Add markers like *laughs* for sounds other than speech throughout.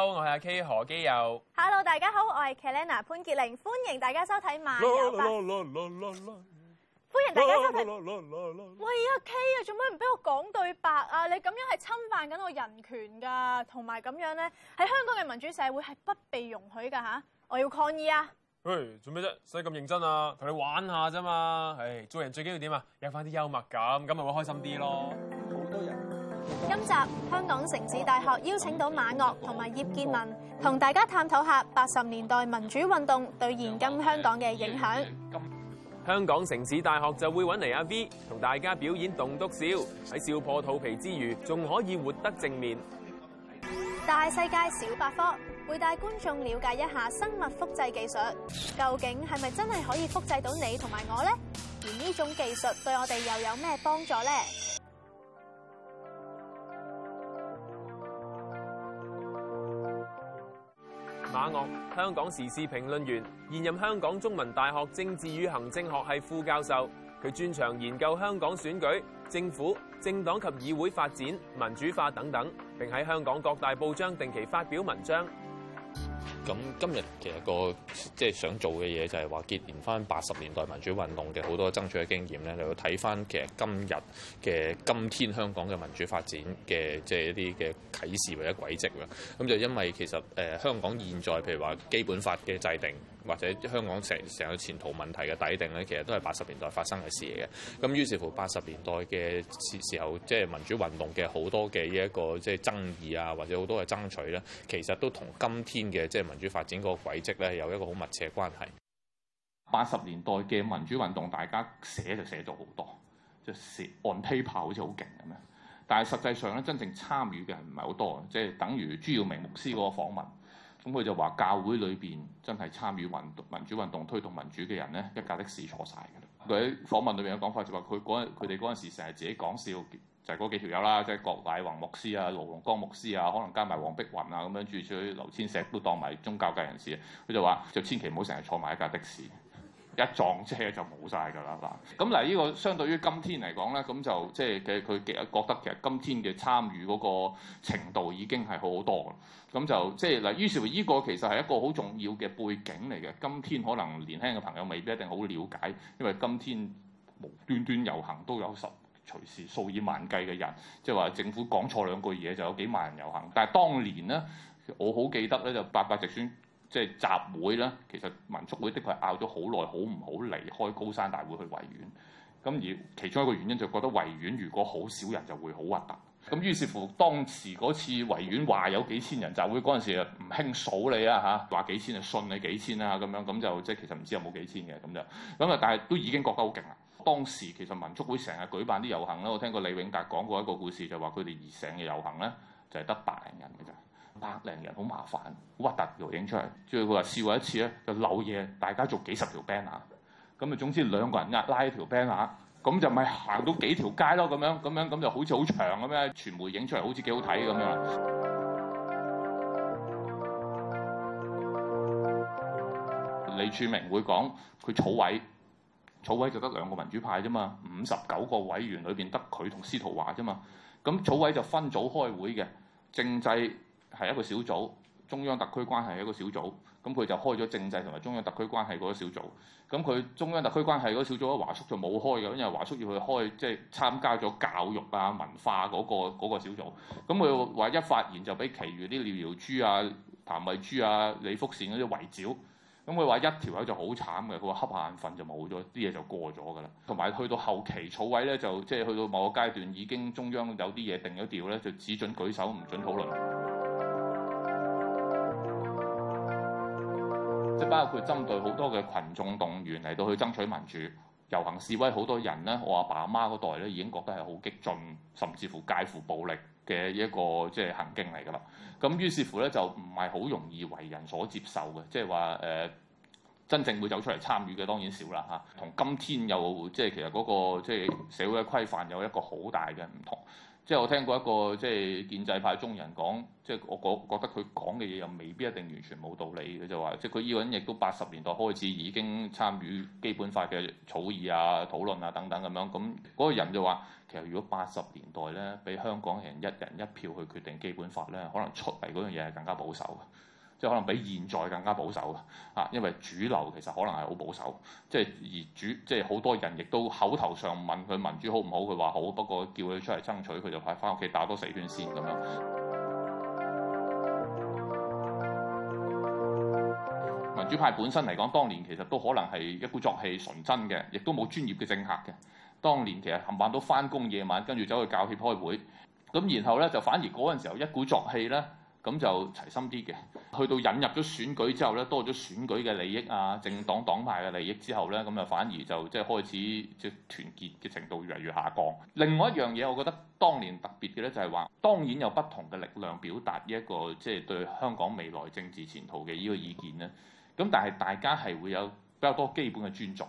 我係阿 K ey，何基友。Hello，大家好，我係 Kelly 娜潘潔玲，歡迎大家收睇《萬人發》，迎大家收睇。喂阿喂 K 啊，做乜唔俾我講對白啊？你咁樣係侵犯緊我人權噶，同埋咁樣咧喺香港嘅民主社會係不被容許噶吓、啊，我要抗議啊！喂，做咩啫？使咁認真啊？同你玩下啫嘛。唉、哎，做人最緊要點啊？有翻啲幽默感，咁咪會開心啲咯。好多人。今集香港城市大學邀請到馬嶽同埋葉健民，同大家探討下八十年代民主運動對現今香港嘅影響。香港城市大學就會揾嚟阿 V 同大家表演棟篤笑，喺笑破肚皮之餘，仲可以活得正面。大世界小百科會帶觀眾了解一下生物複製技術，究竟係咪真係可以複製到你同埋我呢？而呢種技術對我哋又有咩幫助呢？馬嶽，香港時事評論員，現任香港中文大學政治與行政學系副教授。佢專長研究香港選舉、政府、政黨及議會發展、民主化等等，並喺香港各大報章定期發表文章。咁今日其實個即係想做嘅嘢就係話結連翻八十年代民主運動嘅好多爭取嘅經驗咧，你要睇翻其實今日嘅今天香港嘅民主發展嘅即係一啲嘅啟示或者軌跡啦。咁就因為其實誒、呃、香港現在譬如話基本法嘅制定。或者香港成成個前途問題嘅底定咧，其實都係八十年代發生嘅事嚟嘅。咁於是乎八十年代嘅時候，即係民主運動嘅好多嘅依一個即係爭議啊，或者好多嘅爭取咧，其實都同今天嘅即係民主發展個軌跡咧有一個好密切嘅關係。八十年代嘅民主運動，大家寫就寫咗好多，即係寫 on paper 好似好勁咁樣，但係實際上咧真正參與嘅係唔係好多即係、就是、等於朱耀明牧師嗰個訪問。咁佢就話：教會裏邊真係參與民民主運動、推動民主嘅人咧，一架的士坐晒㗎啦。佢喺訪問裏邊嘅講法就話：佢嗰佢哋嗰陣時成日自己講笑，就係、是、嗰幾條友啦，即係郭大宏牧師啊、盧龍江牧師啊，可能加埋黃碧雲啊咁樣住，住住此劉千石都當埋宗教界人士。佢就話：就千祈唔好成日坐埋一架的士。一撞車就冇晒㗎啦嗱，咁嗱呢個相對於今天嚟講咧，咁就即係嘅佢嘅覺得其實今天嘅參與嗰個程度已經係好好多，咁就即係嗱，就是、於是乎呢個其實係一個好重要嘅背景嚟嘅。今天可能年輕嘅朋友未必一定好了解，因為今天無端端遊行都有十隨時數以萬計嘅人，即係話政府講錯兩句嘢就有幾萬人遊行。但係當年咧，我好記得咧就八八直選。即係集會啦，其實民促會的確係拗咗好耐，好唔好離開高山大會去維園？咁而其中一個原因就覺得維園如果好少人就會好核突。咁於是乎當時嗰次維園話有幾千人集會，嗰陣時唔興數你啊嚇，話幾千就信你幾千啊咁樣，咁就即係其實唔知有冇幾千嘅，咁就咁啊，但係都已經覺得好勁啦。當時其實民促會成日舉辦啲遊行啦，我聽過李永達講過一個故事，就話佢哋而醒嘅遊行咧就係得百零人嘅啫。百零人好麻煩，好核突。又影出嚟，最後佢話試過一次咧，就漏嘢。大家做幾十條 banner，咁啊，總之兩個人壓拉一條 banner，咁就咪行到幾條街咯。咁樣咁樣咁就好似好長咁樣。傳媒影出嚟好似幾好睇咁樣。 *music* 李柱銘會講佢草委，草委就得兩個民主派啫嘛，五十九個委員裏邊得佢同司徒華啫嘛。咁草委就分組開會嘅政制。係一個小組，中央特區關係一個小組，咁佢就開咗政制同埋中央特區關係嗰個小組。咁佢中央特區關係嗰小組咧，華叔就冇開嘅，因為華叔要去開即係參加咗教育啊、文化嗰個嗰個小組。咁佢話一發言就俾其餘啲廖瑤珠啊、譚慧珠啊、李福善嗰啲圍剿。咁佢話一條友就好慘嘅，佢話瞌眼瞓就冇咗，啲嘢就過咗㗎啦。同埋去到後期草委咧，就即係去到某個階段已經中央有啲嘢定咗調咧，就只准舉手唔准討論。包括針對好多嘅群眾動員嚟到去爭取民主遊行示威，好多人咧，我阿爸阿媽嗰代咧已經覺得係好激進，甚至乎介乎暴力嘅一個即係行徑嚟㗎喇。咁於是乎咧就唔係好容易為人所接受嘅，即係話誒真正會走出嚟參與嘅當然少啦嚇。同今天又即係其實嗰個即係社會嘅規範有一個好大嘅唔同。即係我聽過一個即係建制派中人講，即係我覺覺得佢講嘅嘢又未必一定完全冇道理。佢就話，即係佢依個人亦都八十年代開始已經參與基本法嘅草擬啊、討論啊等等咁樣。咁、嗯、嗰、那個人就話，其實如果八十年代咧，俾香港人一人一票去決定基本法咧，可能出嚟嗰樣嘢係更加保守嘅。即係可能比現在更加保守啊！因為主流其實可能係好保守，即係而主即係好多人亦都口頭上問佢民主好唔好，佢話好，不過叫佢出嚟爭取，佢就快翻屋企打多四圈先咁樣。 *music* 民主派本身嚟講，當年其實都可能係一鼓作氣純真嘅，亦都冇專業嘅政客嘅。當年其實冚唪唥都翻工夜晚，跟住走去教協開會，咁然後呢就反而嗰陣時候一鼓作氣呢。咁就齊心啲嘅。去到引入咗選舉之後咧，多咗選舉嘅利益啊、政黨黨派嘅利益之後咧，咁啊反而就即係、就是、開始即係、就是、團結嘅程度越嚟越下降。另外一樣嘢，我覺得當年特別嘅咧，就係話當然有不同嘅力量表達呢一個即係、就是、對香港未來政治前途嘅呢個意見咧。咁但係大家係會有比較多基本嘅尊重，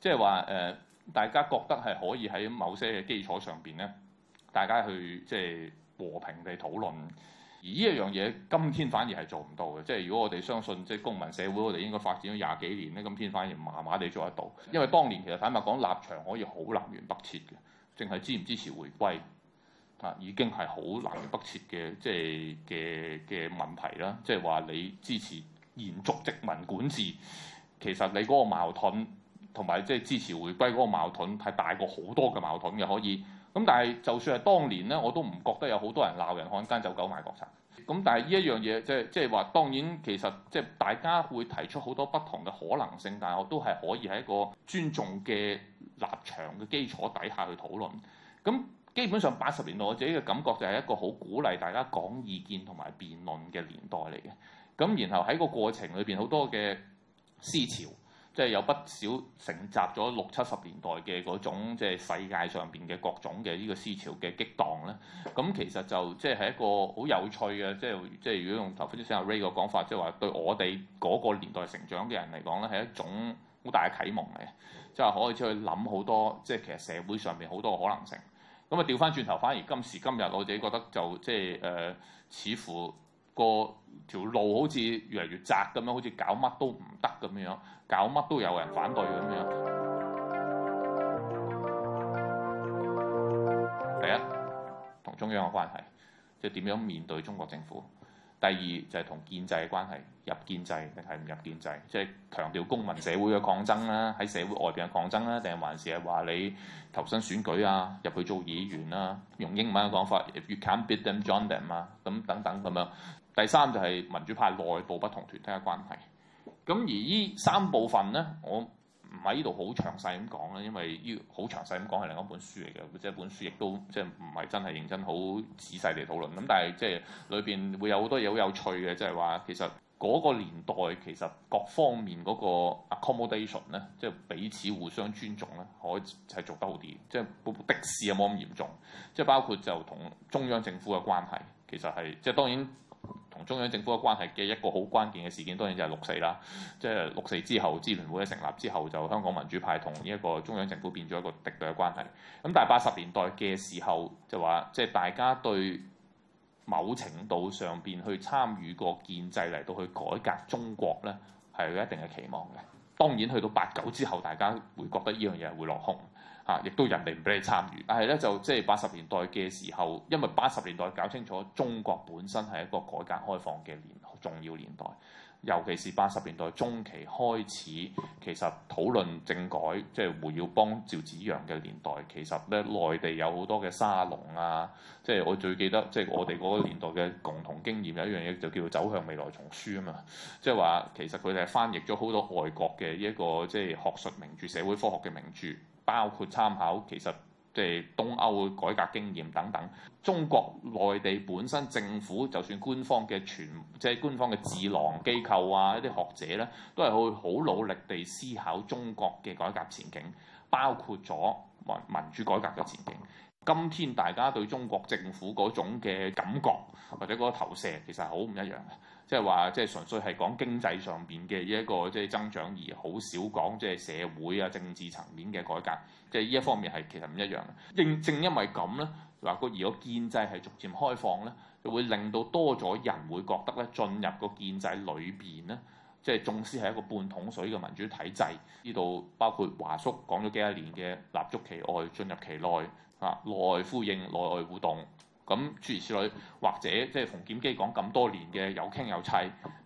即係話誒，大家覺得係可以喺某些嘅基礎上邊咧，大家去即係、就是、和平地討論。而呢一樣嘢，今天反而係做唔到嘅。即係如果我哋相信，即係公民社會，我哋應該發展咗廿幾年咧，今天反而麻麻地做得到。因為當年其實坦白講，立場可以好南轅北轍嘅，淨係支唔支持回歸，啊，已經係好南轅北轍嘅，即係嘅嘅問題啦。即係話你支持延續殖民管治，其實你嗰個矛盾同埋即係支持回歸嗰個矛盾，係大過好多嘅矛盾嘅可以。咁但係就算係當年咧，我都唔覺得有好多人鬧人漢奸走狗賣國產。咁但係呢一樣嘢，即係即係話，當然其實即係大家會提出好多不同嘅可能性，但係我都係可以喺一個尊重嘅立場嘅基礎底下去討論。咁基本上八十年代我自己嘅感覺就係一個好鼓勵大家講意見同埋辯論嘅年代嚟嘅。咁然後喺個過程裏邊好多嘅思潮。即係有不少承襲咗六七十年代嘅嗰種，即係世界上邊嘅各種嘅呢個思潮嘅激盪咧。咁其實就即係係一個好有趣嘅，即係即係如果用頭先啲阿 Ray 嘅講法，即係話對我哋嗰個年代成長嘅人嚟講咧，係一種好大嘅啟蒙嘅，即係可以出去諗好多，即係其實社會上邊好多可能性。咁啊，調翻轉頭，反而今時今日我自己覺得就即係誒、呃、似乎。個條路好似越嚟越窄咁樣，好似搞乜都唔得咁樣，搞乜都有人反對咁樣。第一同中央嘅關係，即係點樣面對中國政府；第二就係同建制嘅關係，入建制定係唔入建制，即係強調公民社會嘅抗爭啦，喺社會外邊嘅抗爭啦，定還是係話你投身選舉啊，入去做議員啦。用英文嘅講法，if you can't beat them, join them 啊，咁等等咁樣。第三就係民主派內部不同團體嘅關係，咁而依三部分咧，我唔喺呢度好詳細咁講啦，因為要好詳細咁講係另一本書嚟嘅，即係本書亦都即係唔係真係認真好仔細地討論。咁但係即係裏邊會有好多嘢好有趣嘅，即係話其實嗰個年代其實各方面嗰個 accommodation 咧，即係彼此互相尊重咧，可以係做得好啲，即係的士有冇咁嚴重，即係包括就同中央政府嘅關係，其實係即係當然。同中央政府嘅關係嘅一個好關鍵嘅事件，當然就係六四啦。即係六四之後支聯會嘅成立之後，就香港民主派同呢一個中央政府變咗一個敵對嘅關係。咁但係八十年代嘅時候，就話即係大家對某程度上邊去參與過建制嚟到去改革中國咧，係有一定嘅期望嘅。當然去到八九之後，大家會覺得呢樣嘢係會落空。嚇！亦，啊，都人哋唔俾你參與，但係咧就即係八十年代嘅時候，因為八十年代搞清楚中國本身係一個改革開放嘅年重要年代。尤其是八十年代中期開始，其實討論政改，即係胡耀邦、趙紫陽嘅年代，其實咧內地有好多嘅沙龍啊，即係我最記得，即係我哋嗰個年代嘅共同經驗有一樣嘢就叫做走向未來叢書啊嘛，即係話其實佢哋係翻譯咗好多外國嘅一個即係學術名著、社會科學嘅名著，包括參考其實。即係東歐嘅改革經驗等等，中國內地本身政府，就算官方嘅全，即係官方嘅智囊機構啊，一啲學者咧，都係會好努力地思考中國嘅改革前景，包括咗民主改革嘅前景。今天大家對中國政府嗰種嘅感覺或者嗰個投射，其實係好唔一樣嘅。即係話，即係純粹係講經濟上邊嘅一個即係增長，而好少講即係社會啊、政治層面嘅改革。即係呢一方面係其實唔一樣嘅。正正因為咁咧，話個如果建制係逐漸開放咧，就會令到多咗人會覺得咧，進入個建制裏邊咧，即係縱使係一個半桶水嘅民主體制。呢度包括華叔講咗幾廿年嘅立足其外，進入其內啊，內外呼應，內外互動。咁諸如此類，或者即係馮檢基講咁多年嘅有傾有砌，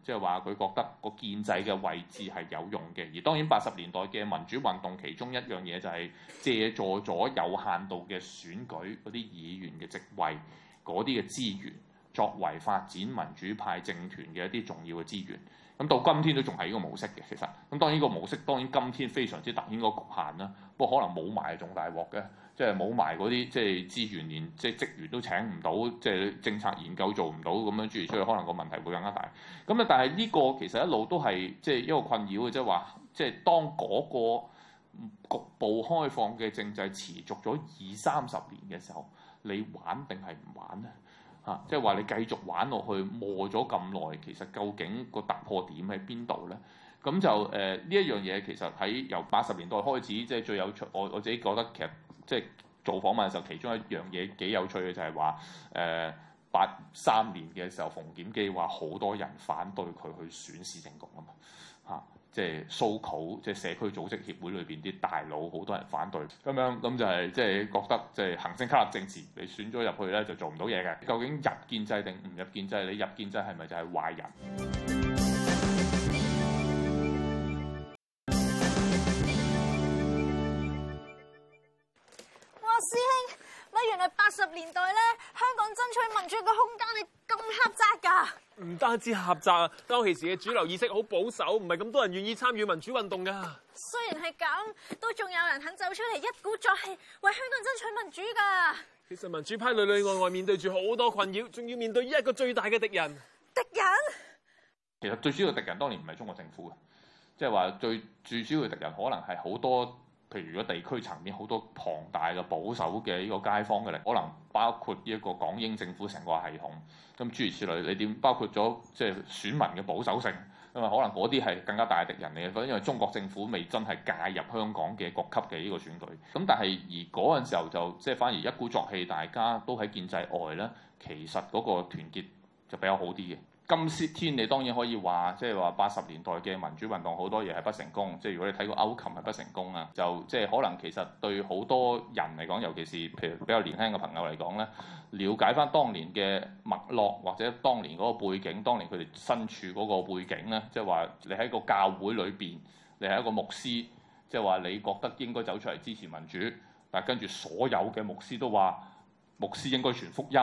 即係話佢覺得個建制嘅位置係有用嘅。而當然八十年代嘅民主運動，其中一樣嘢就係借助咗有限度嘅選舉嗰啲議員嘅職位，嗰啲嘅資源作為發展民主派政權嘅一啲重要嘅資源。咁到今天都仲係呢個模式嘅，其實咁、嗯、當然呢個模式當然今天非常之突顯個局限啦。不過可能冇埋仲大鑊嘅，即係冇埋嗰啲即係資源連即係職員都請唔到，即係政策研究做唔到咁樣，諸如此類，可能個問題會更加大。咁啊，但係呢個其實一路都係即係一個困擾嘅，即係話即係當嗰個局部開放嘅政制持續咗二三十年嘅時候，你玩定係唔玩咧？嚇，即係話你繼續玩落去磨咗咁耐，其實究竟個突破點喺邊度咧？咁就誒呢一樣嘢，其實喺由八十年代開始，即係最有趣。我我自己覺得其實即係做訪問嘅時候，其中一樣嘢幾有趣嘅就係話誒八三年嘅時候，馮檢基話好多人反對佢去選市政局啊嘛，嚇。即係 SoCO，即係社區組織協會裏邊啲大佬，好多人反對咁樣，咁就係、是、即係覺得即係行政卡立政治，你選咗入去咧就做唔到嘢嘅。究竟入建制定唔入建制？你入建制係咪就係壞人？哇，師兄，乜原來八十年代咧，香港爭取民主嘅空間你？狹窄噶，唔單止狹窄啊，當其時嘅主流意識好保守，唔係咁多人願意參與民主運動噶。雖然係咁，都仲有人肯走出嚟，一鼓作氣為香港爭取民主噶。其實民主派裏裏外外面對住好多困擾，仲要面對呢一個最大嘅敵人。敵人？其實最主要敵人當年唔係中國政府嘅，即係話最最主要嘅敵人可能係好多。譬如如果地區層面好多龐大嘅保守嘅呢個街坊嘅力，可能包括呢一個港英政府成個系統，咁諸如此類，你點包括咗即係選民嘅保守性，因為可能嗰啲係更加大嘅敵人嚟，因為中國政府未真係介入香港嘅各級嘅呢個選舉。咁但係而嗰陣時候就即係反而一鼓作氣，大家都喺建制外咧，其實嗰個團結就比較好啲嘅。今先天你當然可以話，即係話八十年代嘅民主運動好多嘢係不成功。即係如果你睇過歐琴係不成功啊，就即係可能其實對好多人嚟講，尤其是譬如比較年輕嘅朋友嚟講咧，了解翻當年嘅脈絡或者當年嗰個背景，當年佢哋身處嗰個背景咧，即係話你喺個教會裏邊，你係一個牧師，即係話你覺得應該走出嚟支持民主，但跟住所有嘅牧師都話，牧師應該傳福音。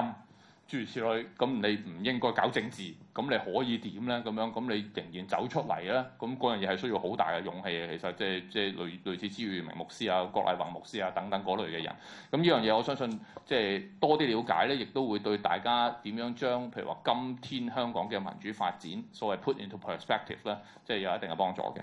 諸如此類，咁你唔應該搞政治，咁你可以點咧？咁樣，咁你仍然走出嚟咧，咁嗰樣嘢係需要好大嘅勇氣嘅。其實、就是，即係即係類類似朱耀明牧師啊、郭麗宏牧師啊等等嗰類嘅人，咁呢樣嘢我相信即係多啲了解咧，亦都會對大家點樣將譬如話今天香港嘅民主發展所謂 put into perspective 咧，即、就、係、是、有一定嘅幫助嘅。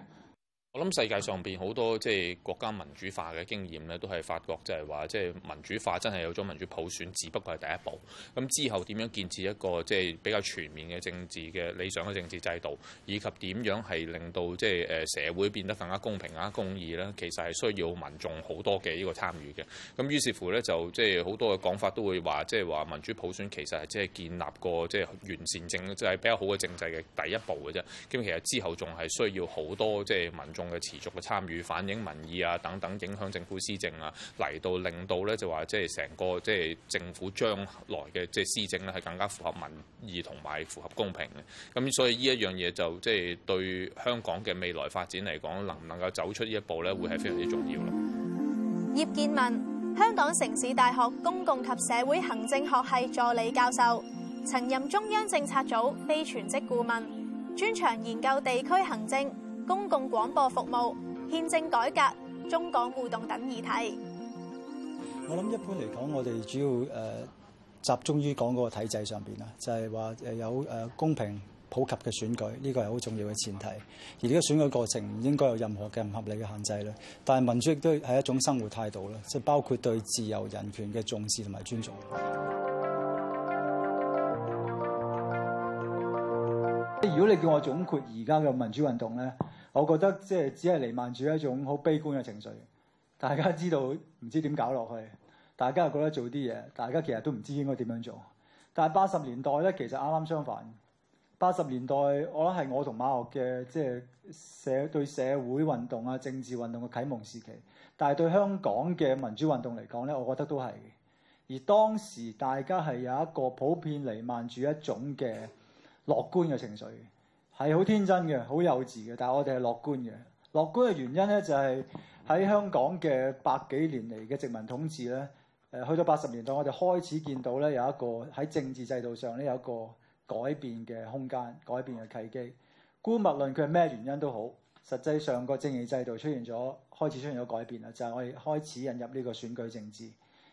我諗世界上邊好多即係國家民主化嘅經驗咧，都係發覺就係話即係民主化真係有咗民主普選，只不過係第一步。咁之後點樣建設一個即係比較全面嘅政治嘅理想嘅政治制度，以及點樣係令到即係誒社會變得更加公平啊、公義咧，其實係需要民眾好多嘅呢個參與嘅。咁於是乎咧，就即係好多嘅講法都會話，即係話民主普選其實係即係建立過即係完善政即係比較好嘅政制嘅第一步嘅啫。咁其實之後仲係需要好多即係民眾，嘅持續嘅參與反映民意啊，等等影響政府施政啊，嚟到令到咧就話、是，即係成個即係政府將來嘅即係施政咧，係更加符合民意同埋符合公平嘅。咁所以呢一樣嘢就即係、就是、對香港嘅未來發展嚟講，能唔能夠走出呢一步咧，會係非常之重要咯。葉健民，香港城市大學公共及社會行政學系助理教授，曾任中央政策組非全職顧問，專長研究地區行政。公共廣播服務、憲政改革、中港互動等議題。我諗一般嚟講，我哋主要誒、呃、集中於講嗰個體制上邊啦，就係話誒有誒、呃、公平普及嘅選舉，呢、這個係好重要嘅前提。而呢個選舉過程唔應該有任何嘅唔合理嘅限制啦。但係民主亦都係一種生活態度啦，即係包括對自由人權嘅重視同埋尊重。如果你叫我總括而家嘅民主運動咧？我覺得即係只係彌漫住一種好悲觀嘅情緒，大家知道唔知點搞落去，大家又覺得做啲嘢，大家其實都唔知應該點樣做。但係八十年代呢，其實啱啱相反。八十年代我覺得係我同馬嶽嘅即係社對社會運動啊、政治運動嘅啟蒙時期，但係對香港嘅民主運動嚟講呢，我覺得都係。而當時大家係有一個普遍彌漫住一種嘅樂觀嘅情緒。係好天真嘅，好幼稚嘅，但係我哋係樂觀嘅。樂觀嘅原因咧，就係喺香港嘅百幾年嚟嘅殖民統治咧，誒、呃、去到八十年代，我哋開始見到咧有一個喺政治制度上咧有一個改變嘅空間，改變嘅契機。姑勿論佢係咩原因都好，實際上個政治制度出現咗，開始出現咗改變啦，就係、是、我哋開始引入呢個選舉政治。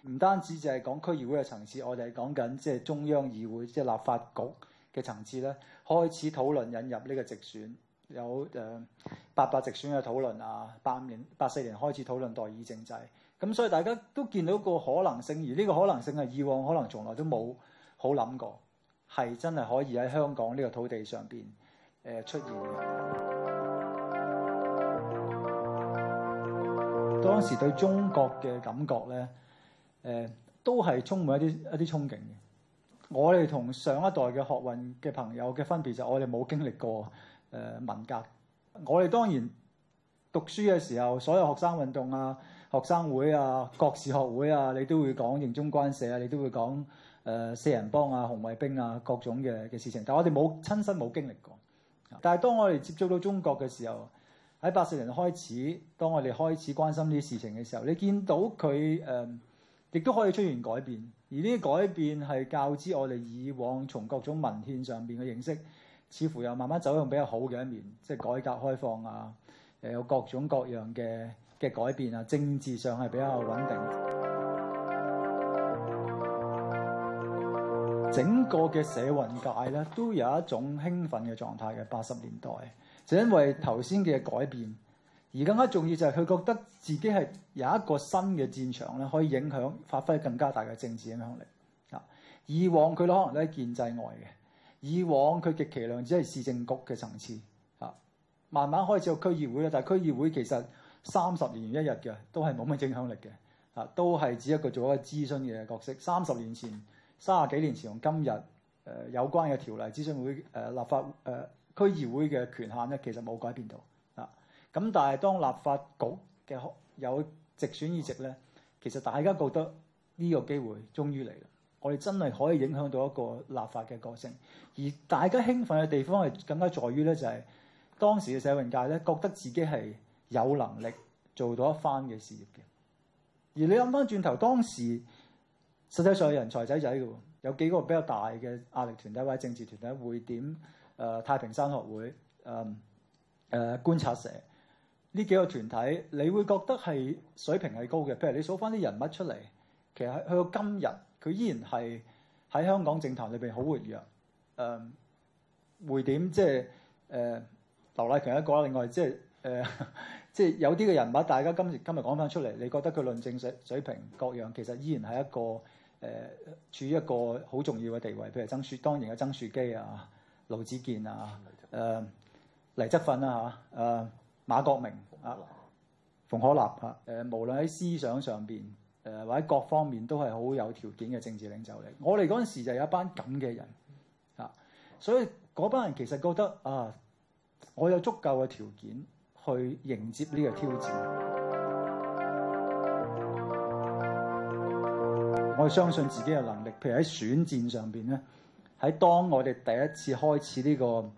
唔單止就係講區議會嘅層次，我哋係講緊即係中央議會，即係立法局。嘅層次咧，開始討論引入呢個直選，有誒八八直選嘅討論啊，八五年、八四年開始討論代議政制，咁所以大家都見到個可能性，而呢個可能性係以往可能從來都冇好諗過，係真係可以喺香港呢個土地上邊誒、呃、出現嘅。 *music* 當時對中國嘅感覺咧，誒、呃、都係充滿一啲一啲憧憬嘅。我哋同上一代嘅學運嘅朋友嘅分別就係我哋冇經歷過誒、呃、文革。我哋當然讀書嘅時候，所有學生運動啊、學生會啊、國事學會啊，你都會講認中關社啊，你都會講誒、呃、四人幫啊、紅衛兵啊各種嘅嘅事情，但我哋冇親身冇經歷過。但係當我哋接觸到中國嘅時候，喺八四年開始，當我哋開始關心呢啲事情嘅時候，你見到佢誒。呃亦都可以出現改變，而呢啲改變係較之我哋以往從各種文獻上邊嘅認識，似乎又慢慢走向比較好嘅一面，即係改革開放啊，誒、呃、有各種各樣嘅嘅改變啊，政治上係比較穩定。整個嘅社運界咧都有一種興奮嘅狀態嘅八十年代，就因為頭先嘅改變。而更加重要就係佢覺得自己係有一個新嘅戰場咧，可以影響發揮更加大嘅政治影響力。啊，以往佢咧可能喺建制外嘅，以往佢極其量只係市政局嘅層次。啊，慢慢開始有區議會啦，但係區議會其實三十年一日嘅，都係冇乜影響力嘅。啊，都係只一個做一個諮詢嘅角色。三十年前、三十幾年前同今日，誒、呃、有關嘅條例、諮詢會、誒、呃、立法、誒、呃、區議會嘅權限咧，其實冇改變到。咁但係當立法局嘅有直選議席咧，其實大家覺得呢個機會終於嚟啦，我哋真係可以影響到一個立法嘅過程。而大家興奮嘅地方係更加在於咧，就係、是、當時嘅社運界咧，覺得自己係有能力做到一番嘅事業嘅。而你諗翻轉頭，當時實際上係人才仔仔嘅喎，有幾個比較大嘅壓力團體或者政治團體，會點誒、呃、太平山學會，誒、呃、誒、呃、觀察社。呢幾個團體，你會覺得係水平係高嘅。譬如你數翻啲人物出嚟，其實去到今日佢依然係喺香港政壇裏邊好活躍。誒、呃，會點即係誒、呃？劉迺強一個啦，另外即係誒，即係有啲嘅人物，大家今今日講翻出嚟，你覺得佢論政水水平各樣，其實依然係一個誒、呃、處於一個好重要嘅地位。譬如曾雪當，然後曾澍基啊、盧子健、呃、啊、誒黎則奮啊。嚇誒。馬國明啊，馮可立啊，誒、啊、無論喺思想上邊，誒、啊、或者各方面都係好有條件嘅政治領袖嚟。嗯、我哋嗰陣時就有一班咁嘅人、嗯、啊，所以嗰班人其實覺得啊，我有足夠嘅條件去迎接呢個挑戰。嗯、我相信自己嘅能力，譬如喺選戰上邊咧，喺當我哋第一次開始呢、呢個。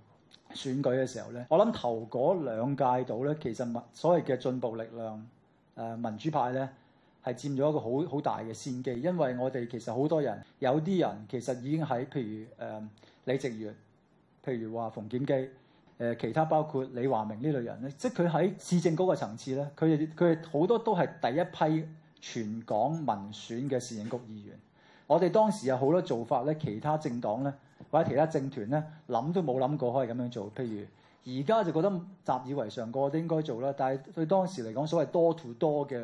選舉嘅時候咧，我諗頭嗰兩屆度咧，其實物所謂嘅進步力量，誒、呃、民主派咧，係佔咗一個好好大嘅先機，因為我哋其實好多人，有啲人其實已經喺譬如誒李植悅，譬如話、呃、馮檢基，誒、呃、其他包括李華明呢類人咧，即係佢喺市政嗰個層次咧，佢哋佢哋好多都係第一批全港民選嘅市政局議員。我哋當時有好多做法咧，其他政黨咧。或者其他政團咧，諗都冇諗過可以咁樣做。譬如而家就覺得習以為常個都應該做啦。但係對當時嚟講，所謂 door-to-door 嘅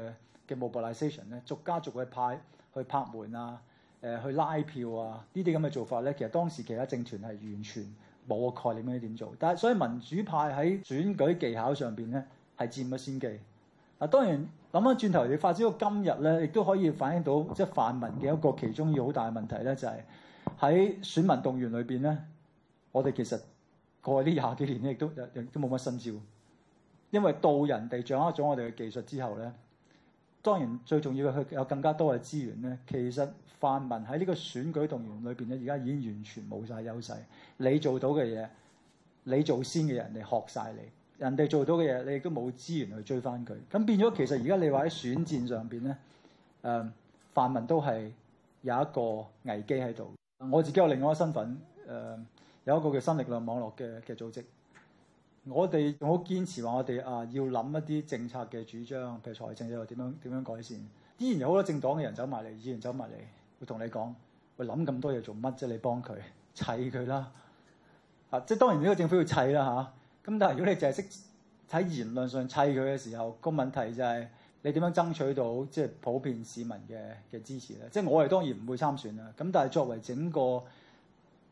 嘅 mobilisation 咧，逐家逐嘅派去拍門啊，誒、呃、去拉票啊，呢啲咁嘅做法咧，其實當時其他政團係完全冇個概念應該點做。但係所以民主派喺選舉技巧上邊咧係佔咗先機。嗱、啊，當然諗翻轉頭，你發展到今日咧，亦都可以反映到即係泛民嘅一個其中一個好大嘅問題咧，就係、是。喺選民動員裏邊咧，我哋其實過去呢廿幾年咧，亦都亦都冇乜新招，因為到人哋掌握咗我哋嘅技術之後咧，當然最重要嘅係佢有更加多嘅資源咧。其實泛民喺呢個選舉動員裏邊咧，而家已經完全冇晒優勢。你做到嘅嘢，你做先嘅人哋學晒你，人哋做到嘅嘢，你亦都冇資源去追翻佢。咁變咗，其實而家你話喺選戰上邊咧，誒、嗯、泛民都係有一個危機喺度。我自己有另外一個身份，誒、呃，有一個叫新力量網絡嘅嘅組織，我哋仲好堅持話我哋啊要諗一啲政策嘅主張，譬如財政又點樣點樣改善，依然有好多政黨嘅人走埋嚟，依然走埋嚟，會同你講，喂，諗咁多嘢做乜啫？你幫佢砌佢啦，啊，即係當然呢個政府要砌啦吓，咁、啊、但係如果你淨係識喺言論上砌佢嘅時候，個問題就係、是。你點樣爭取到即係普遍市民嘅嘅支持咧？即係我哋當然唔會參選啦。咁但係作為整個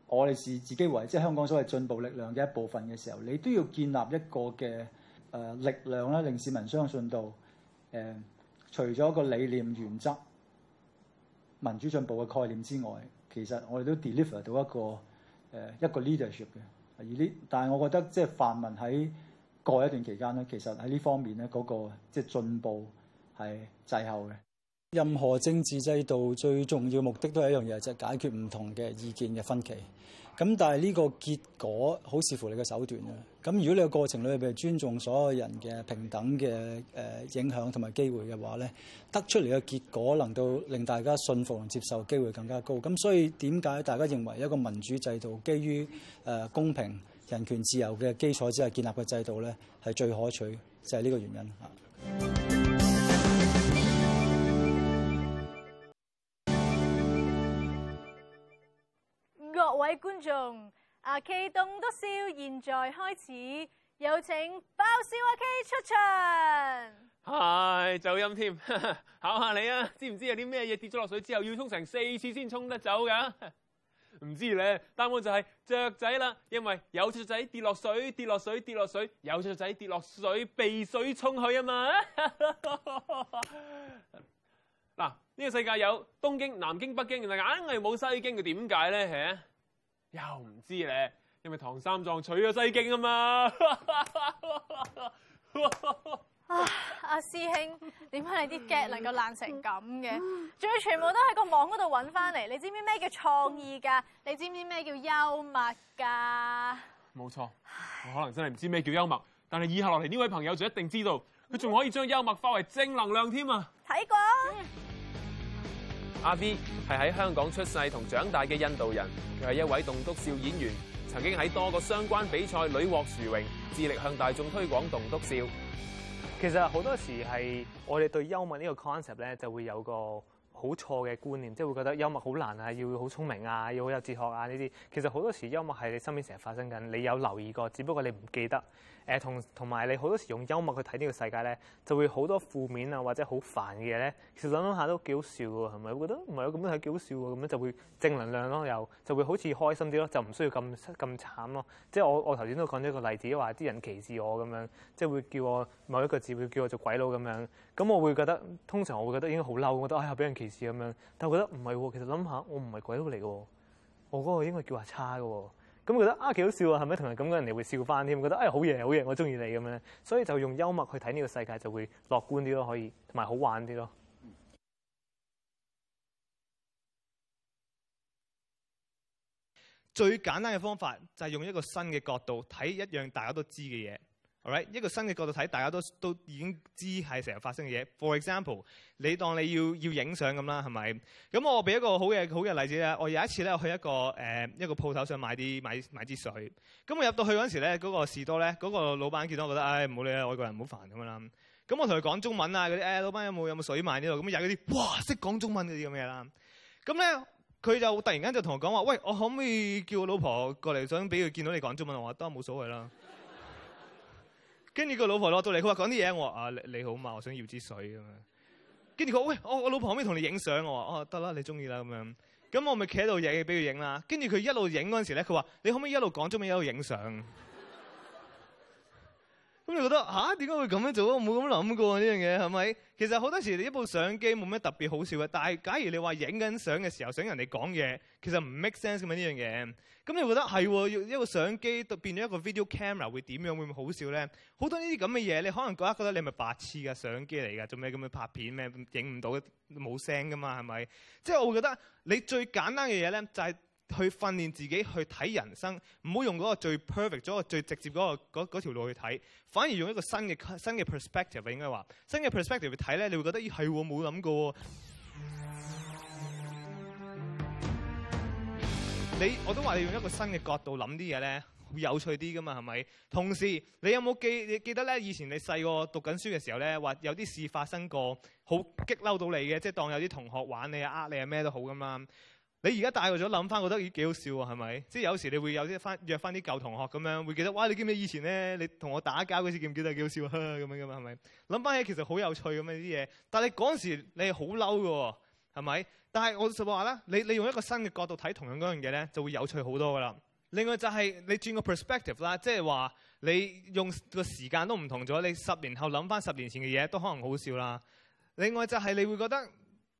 我哋視自己為即係香港所謂進步力量嘅一部分嘅時候，你都要建立一個嘅誒力量啦，令市民相信到誒、呃、除咗一個理念原則民主進步嘅概念之外，其實我哋都 deliver 到一個誒、呃、一個 leadership 嘅。而呢，但係我覺得即係泛民喺過一段期間咧，其實喺呢方面咧、嗰個即係進步係滯後嘅。任何政治制度最重要的目的都係一樣嘢，就係解決唔同嘅意見嘅分歧。咁但係呢個結果好視乎你嘅手段啊。咁如果你嘅過程裏面尊重所有人嘅平等嘅誒影響同埋機會嘅話咧，得出嚟嘅結果能夠令大家信服同接受機會更加高。咁所以點解大家認為一個民主制度基於誒公平、人權、自由嘅基礎之下建立嘅制度咧，係最可取，就係、是、呢個原因嚇。各位觀眾，阿 K 棟篤笑，現在開始，有請爆笑阿 K 出場。係走音添，考下你啊，知唔知有啲咩嘢跌咗落水之後要沖成四次先沖得走噶？唔知咧，答案就係雀仔啦。因為有雀仔跌落水，跌落水，跌落水，有雀仔跌落水，被水沖去啊嘛。嗱，呢個世界有東京、南京、北京，原來硬係冇西京，佢點解咧？吓？又唔知咧，因為唐三藏取咗《西經》啊嘛。 *laughs* *laughs* *laughs* 啊，阿師兄，點解你啲 gag 能夠爛成咁嘅？仲要 *laughs* 全部都喺個網嗰度揾翻嚟？你知唔知咩叫創意㗎？你知唔知咩叫幽默㗎？冇錯，我可能真係唔知咩叫幽默，但係以下落嚟呢位朋友就一定知道，佢仲可以將幽默化為正能量添啊！睇 *laughs* 過。阿 V 係喺香港出世同長大嘅印度人，佢係一位棟篤笑演員，曾經喺多個相關比賽屢獲殊榮，致力向大眾推廣棟篤笑。其實好多時係我哋對幽默呢個 concept 咧，就會有個好錯嘅觀念，即係會覺得幽默好難啊，要好聰明啊，要好有哲學啊呢啲。其實好多時幽默係你身邊成日發生緊，你有留意過，只不過你唔記得。誒同同埋你好多時用幽默去睇呢個世界咧，就會好多負面啊或者好煩嘅嘢咧。其實諗下都幾好笑喎，係咪？我覺得唔係咁樣幾好笑喎，咁樣就會正能量咯，又就會好似開心啲咯，就唔需要咁咁慘咯。即係我我頭先都講咗一個例子，話啲人歧視我咁樣，即係會叫我某一個字，會叫我做鬼佬咁樣。咁我會覺得，通常我會覺得應該好嬲，覺哎、我覺得哎呀俾人歧視咁樣。但係我覺得唔係喎，其實諗下我唔係鬼佬嚟喎，我嗰個應該叫阿差嘅喎。咁覺得啊幾好笑啊，係咪同人咁樣人哋會笑返添？覺得哎好嘢好嘢，我鍾意你咁樣，所以就用幽默去睇呢個世界就會樂觀啲咯，可以同埋好玩啲咯。嗯。最簡單嘅方法就係用一個新嘅角度睇一樣大家都知嘅嘢。Alright，一個新嘅角度睇，大家都都已經知係成日發生嘅嘢。For example，你當你要要影相咁啦，係咪？咁我俾一個好嘅好嘅例子咧。我有一次咧去一個誒、呃、一個鋪頭，想買啲買買支水。咁我入到去嗰時咧，嗰、嗰個士多咧，嗰、嗰個老闆見到我覺得，唉、哎，唔好理啦，外國人唔好煩咁樣啦。咁我同佢講中文啊嗰啲，誒、哎、老闆有冇有冇水賣呢度？咁入嗰啲，哇識講中文嗰啲咁嘅嘢啦。咁咧佢就突然間就同我講話，喂，我可唔可以叫我老婆過嚟，想俾佢見到你講中文？我話都，冇所謂啦。跟住個老婆落到嚟，佢話講啲嘢，我話啊，你好嘛，我想要支水咁樣。跟住佢，喂，我我老婆可唔可以同你影相？我話哦，得啦，你中意啦咁樣。咁我咪企喺度影俾佢影啦。跟住佢一路影嗰陣時咧，佢話你可唔可以一路講，中唔一路影相？咁你覺得吓，點解會咁樣做啊？我冇咁諗過呢樣嘢係咪？其實好多時你一部相機冇咩特別好笑嘅，但係假如你話影緊相嘅時候想人哋講嘢，其實唔 make sense 咁樣呢樣嘢。咁你覺得係喎？一個相機變咗一個 video camera 會點樣？會唔會好笑咧？好多呢啲咁嘅嘢，你可能覺得覺得你係咪白痴嘅相機嚟㗎？做咩咁樣拍片咩？影唔到冇聲㗎嘛係咪？即係我會覺得你最簡單嘅嘢咧，就係。去訓練自己去睇人生，唔好用嗰個最 perfect、嗰個最直接嗰、嗰個條路去睇，反而用一個新嘅新嘅 perspective，應該話新嘅 perspective 去睇咧，你會覺得咦係喎，冇、哎、諗過你我都話你用一個新嘅角度諗啲嘢咧，會有趣啲噶嘛，係咪？同時你有冇記你記得咧？以前你細個讀緊書嘅時候咧，話有啲事發生過，好激嬲到你嘅，即係當有啲同學玩你、呃你啊咩都好噶嘛。你而家大個咗，諗翻覺得幾好笑喎，係咪？即係有時你會有啲翻約翻啲舊同學咁樣，會記得哇！你記唔記得以前咧，你同我打交嗰時記唔記得幾好笑咁樣嘅嘛，係咪？諗翻起其實好有趣咁樣啲嘢，但係嗰陣時你係好嬲嘅喎，係咪？但係我實話啦，你你用一個新嘅角度睇同樣嗰樣嘢咧，就會有趣好多噶啦。另外就係你轉個 perspective 啦，即係話你用個時間都唔同咗，你十年後諗翻十年前嘅嘢都可能好笑啦。另外就係你會覺得。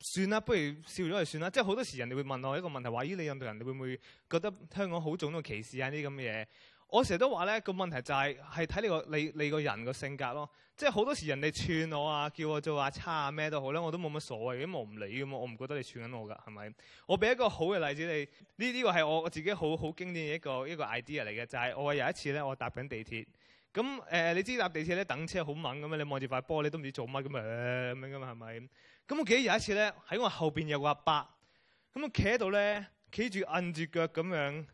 算啦，不如笑咗就算啦。即係好多時人哋會問我一個問題，話咦，你印度人會唔會覺得香港好種到歧視啊呢啲咁嘅嘢？我成日都話咧，個問題就係係睇你個你你個人個性格咯。即係好多時人哋串我啊，叫我做阿叉啊咩、啊、都好啦，我都冇乜所謂，因為我都冇唔理嘅嘛，我唔覺得你串緊我㗎，係咪？我俾一個好嘅例子你，呢呢個係我我自己好好經典一個一個 idea 嚟嘅，就係、是、我有一次咧，我搭緊地鐵，咁誒、呃、你知搭地鐵咧等車好猛咁樣？你望住塊玻璃都唔知做乜咁樣咁樣㗎嘛，係咪？咁我記得有一次咧，喺我後邊有個阿伯，咁我企喺度咧，企住摁住腳咁樣，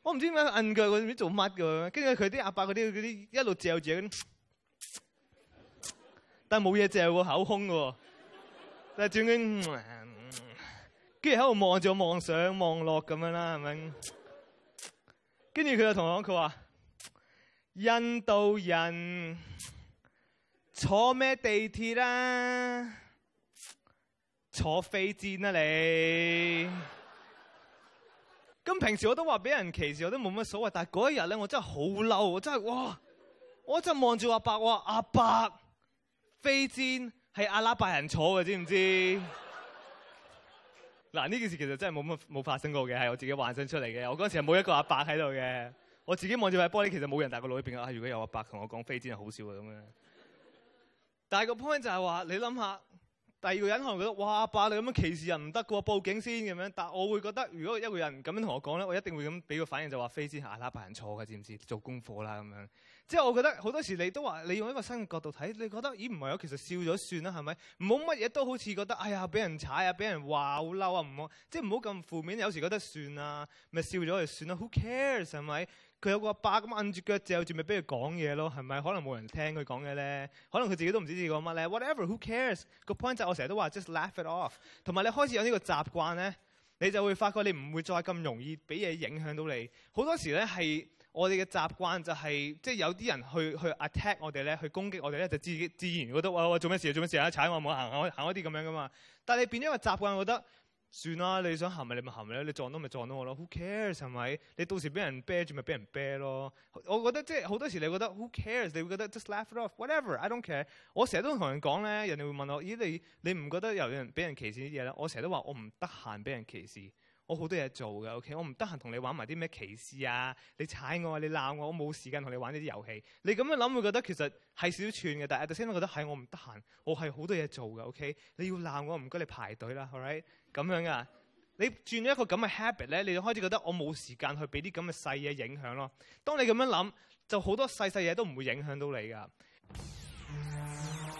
我唔知點解摁腳嗰啲做乜嘅。跟住佢啲阿伯嗰啲啲一路嚼住，但係冇嘢嚼喎，口空嘅喎。但係轉緊，跟住喺度望住望上望落咁樣啦，係咪？跟住佢就同我講佢話：印度人坐咩地鐵啦、啊？坐飛氈啊你！咁 *laughs* 平時我都話俾人歧視，我都冇乜所謂。但係嗰一日咧，我真係好嬲，我真係哇！我真係望住阿伯話：阿伯飛氈係阿拉伯人坐嘅，知唔知？嗱 *laughs* 呢件事其實真係冇乜冇發生過嘅，係我自己幻想出嚟嘅。我嗰陣時係冇一個阿伯喺度嘅，我自己望住塊玻璃，其實冇人。但係個腦入邊啊，如果有阿伯同我講飛氈係好笑嘅咁樣，但係個 point 就係、是、話你諗下。第二個人可能覺得哇，阿爸，你咁樣歧視人唔得喎，報警先咁樣。但係我會覺得，如果一個人咁樣同我講咧，我一定會咁俾個反應，就話非先，啊那班人錯嘅，知唔知？做功課啦咁樣。即係我覺得好多時你都話，你用一個新嘅角度睇，你覺得咦，唔係啊，其實笑咗算啦，係咪？唔好乜嘢都好似覺得哎呀，俾人踩啊，俾人話好嬲啊，唔好即係唔好咁負面。有時覺得算啦，咪笑咗就算啦，Who cares 係咪？佢有個阿伯咁按住腳嚼住咪俾佢講嘢咯，係咪？可能冇人聽佢講嘢咧，可能佢自己都唔知自己講乜咧。Whatever, who cares？個 point 就我成日都話，just laugh it off。同埋你開始有呢個習慣咧，你就會發覺你唔會再咁容易俾嘢影響到你。好多時咧係我哋嘅習慣就係、是，即係有啲人去去 attack 我哋咧，去攻擊我哋咧，就自自然覺得喂，哇，哇做咩事，做咩事啊，踩我，唔好行，行開，行開啲咁樣噶嘛。但係你變咗個習慣，我覺得。算啦，你想行咪你咪行啦，你撞到咪撞到我咯，Who cares 係咪？你到時俾人啤住咪俾人啤咯。我覺得即係好多時你覺得 Who cares？你會覺得 Just laugh it off，whatever，I don't care。我成日都同人講咧，人哋會問我，咦，你你唔覺得有人俾人歧視啲嘢咧？我成日都話我唔得閒俾人歧視。我好多嘢做嘅，OK，我唔得閒同你玩埋啲咩歧視啊！你踩我，你鬧我，我冇時間同你玩呢啲遊戲。你咁樣諗會覺得其實係少串嘅，但係頭先我覺得係我唔得閒，我係好多嘢做嘅，OK。你要鬧我唔該，你排隊啦，好唔好？咁樣啊！你轉咗一個咁嘅 habit 咧，你就開始覺得我冇時間去俾啲咁嘅細嘢影響咯。當你咁樣諗，就好多細細嘢都唔會影響到你噶。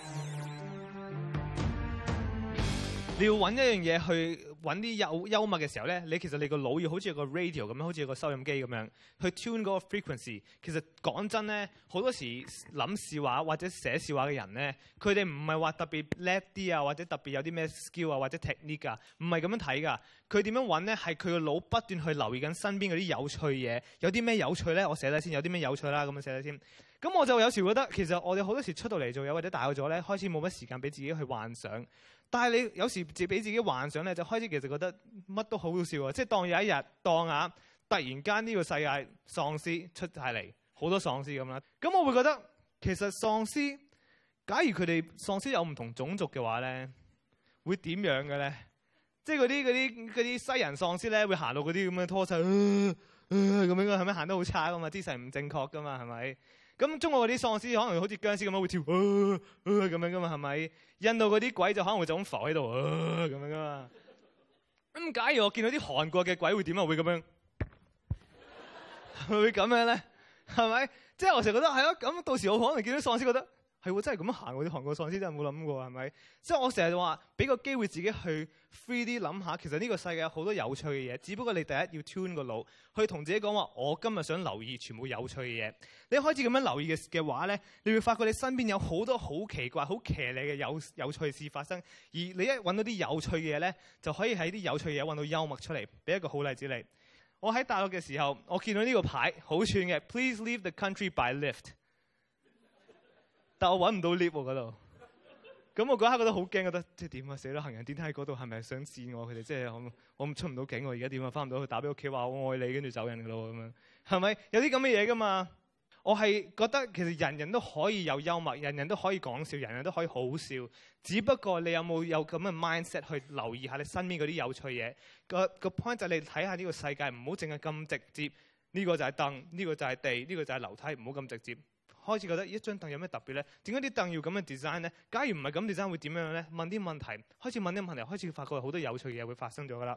*music* 你要揾一樣嘢去。揾啲有幽默嘅時候咧，你其實你個腦要好似個 radio 咁樣，好似個收音機咁樣去 tune 嗰個 frequency。其實講真咧，好多時諗笑話或者寫笑話嘅人咧，佢哋唔係話特別叻啲啊，或者特別有啲咩 skill 啊或者 technique 啊，唔係咁樣睇噶。佢點樣揾咧？係佢個腦不斷去留意緊身邊嗰啲有趣嘢。有啲咩有趣咧？我寫低先。有啲咩有趣啦？咁樣寫低先。咁我就有時覺得，其實我哋好多時出到嚟做嘢或者大個咗咧，開始冇乜時間俾自己去幻想。但係你有時自俾自己幻想咧，就開始其實覺得乜都好好笑啊！即係當有一日，當啊突然間呢個世界喪屍出曬嚟，好多喪屍咁啦。咁我會覺得其實喪屍，假如佢哋喪屍有唔同種族嘅話咧，會點樣嘅咧？即係嗰啲嗰啲嗰啲西人喪屍咧，會行到嗰啲咁嘅拖手，咁、呃呃、應該係咪行得好差噶嘛？姿勢唔正確噶嘛？係咪？咁中國嗰啲喪屍可能好似僵屍咁樣會跳、啊，咁、啊啊、樣噶嘛，係咪？印度嗰啲鬼就可能會就咁浮喺度、啊，咁、啊、樣噶嘛。咁、啊嗯、假如我見到啲韓國嘅鬼會點啊？會咁樣？會咁樣咧？係咪？即係我成日覺得係咯。咁、啊、到時我可能見到喪屍覺得。係會真係咁樣行喎？啲韓國喪屍真係冇諗過係咪？即係我成日就話俾個機會自己去 free 啲諗下，其實呢個世界有好多有趣嘅嘢，只不過你第一要 tune 個腦，去同自己講話：我今日想留意全部有趣嘅嘢。你開始咁樣留意嘅嘅話咧，你會發覺你身邊有好多好奇怪、好騎呢嘅有有趣事發生。而你一揾到啲有趣嘅嘢咧，就可以喺啲有趣嘢揾到幽默出嚟。俾一個好例子你，我喺大學嘅時候，我見到呢個牌好串嘅：Please leave the country by lift。但我揾唔到 lift 嗰度，咁我嗰刻覺得好驚，覺得即係點啊死啦！行人電梯嗰度，係咪想試我佢哋？即係、就是、我我出唔到境我而家點啊？返唔到去打俾屋企話我愛你，跟住走人噶咯咁樣，係咪有啲咁嘅嘢噶嘛？我係覺得其實人人都可以有幽默，人人都可以講笑，人人都可以好笑。只不過你有冇有咁嘅 mindset 去留意下你身邊嗰啲有趣嘢？個個 point 就係你睇下呢個世界，唔好淨係咁直接。呢、這個就係凳，呢、這個就係地，呢、這個就係樓梯，唔好咁直接。開始覺得一張凳有咩特別呢？點解啲凳要咁樣 design 咧？假如唔係咁 design 會點樣咧？問啲問題，開始問啲問題，開始發覺好多有趣嘅嘢會發生咗噶啦。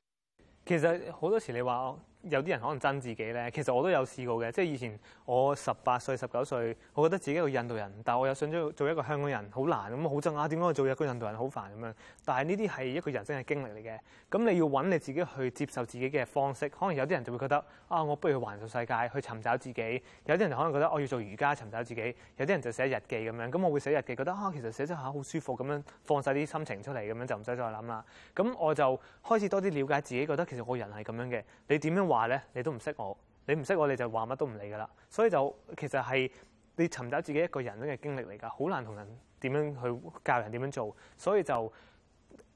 其實好多時你話我有啲人可能憎自己咧，其實我都有試過嘅，即係以前我十八歲十九歲我覺得自己一個印度人，但我又想做做一個香港人，好難，咁，好憎啊！點解我做一個印度人好煩咁樣，但係呢啲係一個人生嘅經歷嚟嘅，咁你要揾你自己去接受自己嘅方式。可能有啲人就會覺得啊，我不如去環遊世界去尋找自己；有啲人可能覺得我要做瑜伽尋找自己；有啲人就寫日記咁樣，咁我會寫日記覺得啊，其實寫咗下好舒服，咁樣放晒啲心情出嚟，咁樣就唔使再諗啦。咁我就開始多啲了解自己，覺得其實個人係咁樣嘅。你點樣。話咧，你都唔識我，你唔識我，你就話乜都唔理㗎喇。所以就其實係你尋找自己一個人嘅經歷嚟㗎，好難同人點樣去教人點樣做。所以就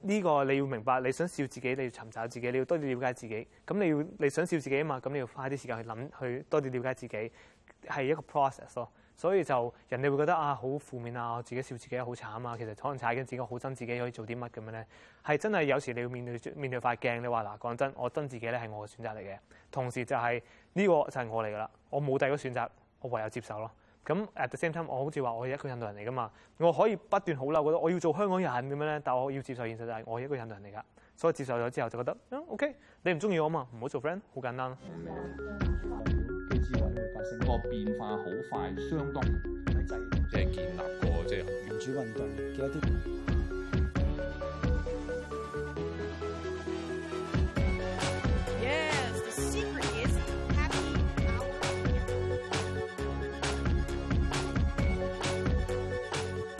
呢個你要明白，你想笑自己，你要尋找自己，你要多啲了解自己。咁你要你想笑自己啊嘛，咁你要花啲時間去諗，去多啲了解自己，係一個 process 咯。所以就人哋會覺得啊好負面啊，我自己笑自己好慘啊。其實可能踩緊自己，好憎自己可以做啲乜咁樣咧。係、啊、真係有時你要面對面對塊鏡，你話嗱，講真，我憎自己咧係我嘅選擇嚟嘅。同時就係、是、呢、呢個就係我嚟噶啦，我冇第二個選擇，我唯有接受咯。咁 At the same time，我好似話我係一個印度人嚟噶嘛，我可以不斷好嬲，覺得我要做香港人咁樣咧。但我要接受現實就係我係一個印度人嚟噶，所以接受咗之後就覺得嗯、啊、OK，你唔中意我嘛，唔好做 friend，好簡單咯。嗯嗯智慧去發生個變化，好快，相當快制。即係 *noise* 建立個即係民主運動嘅一啲。Yes，the secret is happy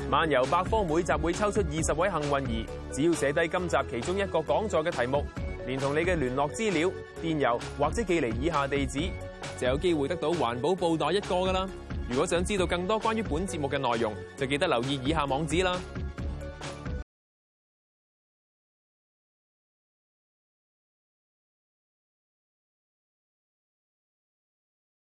漫遊百科每集會抽出二十位幸運兒，只要寫低今集其中一個講座嘅題目，連同你嘅聯絡資料、電郵或者寄嚟以下地址。就有機會得到環保布袋一個㗎啦！如果想知道更多關於本節目嘅內容，就記得留意以下網址啦。